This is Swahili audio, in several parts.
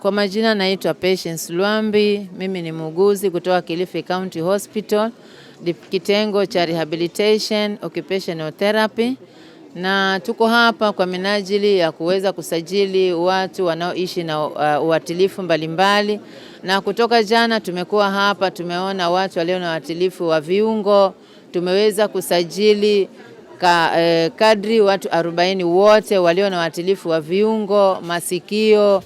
Kwa majina naitwa Patience Lwambi, mimi ni muuguzi kutoka Kilifi County Hospital, kitengo cha rehabilitation occupational therapy, na tuko hapa kwa minajili ya kuweza kusajili watu wanaoishi na uh, uatilifu mbalimbali. Na kutoka jana tumekuwa hapa, tumeona watu walio na uatilifu wa viungo, tumeweza kusajili Ka, eh, kadri watu arobaini wote walio na uhatilifu wa viungo, masikio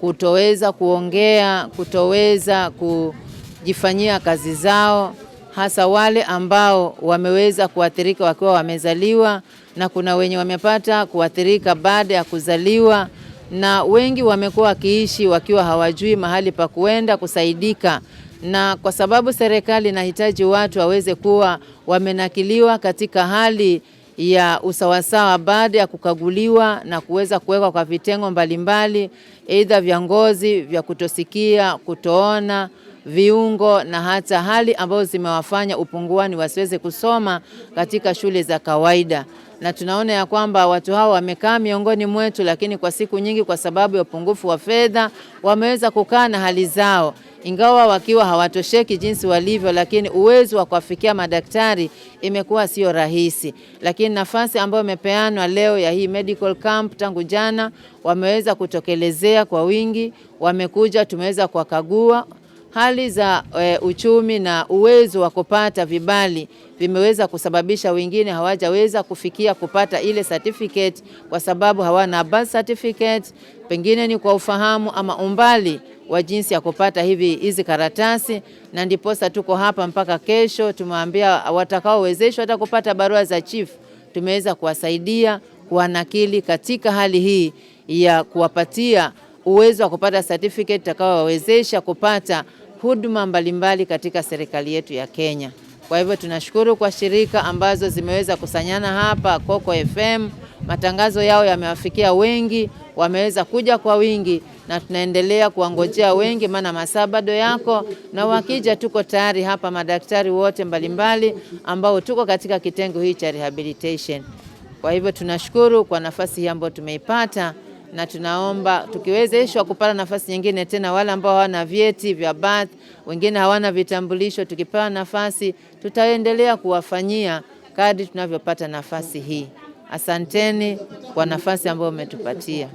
kutoweza kuongea, kutoweza kujifanyia kazi zao, hasa wale ambao wameweza kuathirika wakiwa wamezaliwa, na kuna wenye wamepata kuathirika baada ya kuzaliwa, na wengi wamekuwa wakiishi wakiwa hawajui mahali pa kuenda kusaidika na kwa sababu serikali inahitaji watu waweze kuwa wamenakiliwa katika hali ya usawasawa baada ya kukaguliwa na kuweza kuwekwa kwa vitengo mbalimbali, aidha vya ngozi, vya kutosikia, kutoona, viungo na hata hali ambazo zimewafanya upunguani wasiweze kusoma katika shule za kawaida na tunaona ya kwamba watu hao wamekaa miongoni mwetu, lakini kwa siku nyingi, kwa sababu ya upungufu wa fedha, wameweza kukaa na hali zao ingawa wakiwa hawatosheki jinsi walivyo, lakini uwezo wa kuwafikia madaktari imekuwa sio rahisi. Lakini nafasi ambayo imepeanwa leo ya hii medical camp, tangu jana wameweza kutokelezea kwa wingi, wamekuja, tumeweza kuwakagua hali za e, uchumi na uwezo wa kupata vibali vimeweza kusababisha wengine hawajaweza kufikia kupata ile certificate kwa sababu hawana birth certificate, pengine ni kwa ufahamu ama umbali wa jinsi ya kupata hivi hizi karatasi, na ndiposa tuko hapa mpaka kesho. Tumewaambia watakaowezeshwa hata kupata barua za chief, tumeweza kuwasaidia kuwanakili katika hali hii ya kuwapatia uwezo wa kupata certificate itakayowawezesha kupata huduma mbalimbali katika serikali yetu ya Kenya. Kwa hivyo tunashukuru kwa shirika ambazo zimeweza kusanyana hapa Coco FM matangazo yao yamewafikia wengi, wameweza kuja kwa wingi na tunaendelea kuwangojea wengi, maana masaa bado yako, na wakija tuko tayari hapa, madaktari wote mbalimbali ambao tuko katika kitengo hii cha rehabilitation. Kwa hivyo tunashukuru kwa nafasi hii ambayo tumeipata na tunaomba tukiwezeshwa kupata nafasi nyingine tena, wale ambao hawana vyeti vya birth, wengine hawana vitambulisho, tukipewa nafasi tutaendelea kuwafanyia kadri tunavyopata nafasi hii. Asanteni kwa nafasi ambayo umetupatia.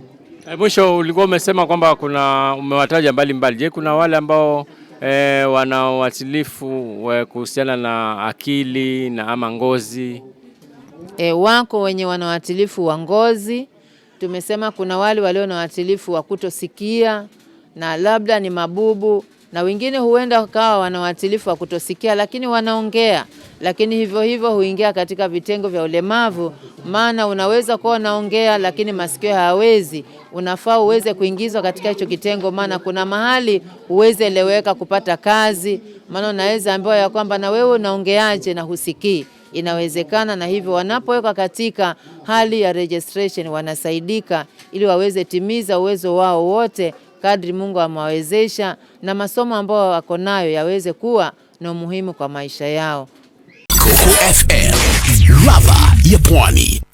Eh, mwisho ulikuwa umesema kwamba kuna umewataja mbalimbali. Je, kuna wale ambao e, wana uwasilifu eh, kuhusiana na akili na ama ngozi? E, wako wenye wana uwatilifu wa ngozi. Tumesema kuna wale walio na uatilifu wa kutosikia na labda ni mabubu na wengine huenda wakawa wana uatilifu wa kutosikia, lakini wanaongea, lakini hivyo hivyo huingia katika vitengo vya ulemavu. Maana unaweza kuwa unaongea lakini masikio hayawezi, unafaa uweze kuingizwa katika hicho kitengo, maana kuna mahali uweze eleweka kupata kazi, maana unaweza ambiwa ya kwamba na wewe unaongeaje na husikii inawezekana na hivyo wanapowekwa katika hali ya registration wanasaidika ili waweze timiza uwezo wao wote kadri Mungu amewawezesha na masomo ambayo wako nayo yaweze kuwa na umuhimu kwa maisha yao. Coco FM, ladha ya Pwani.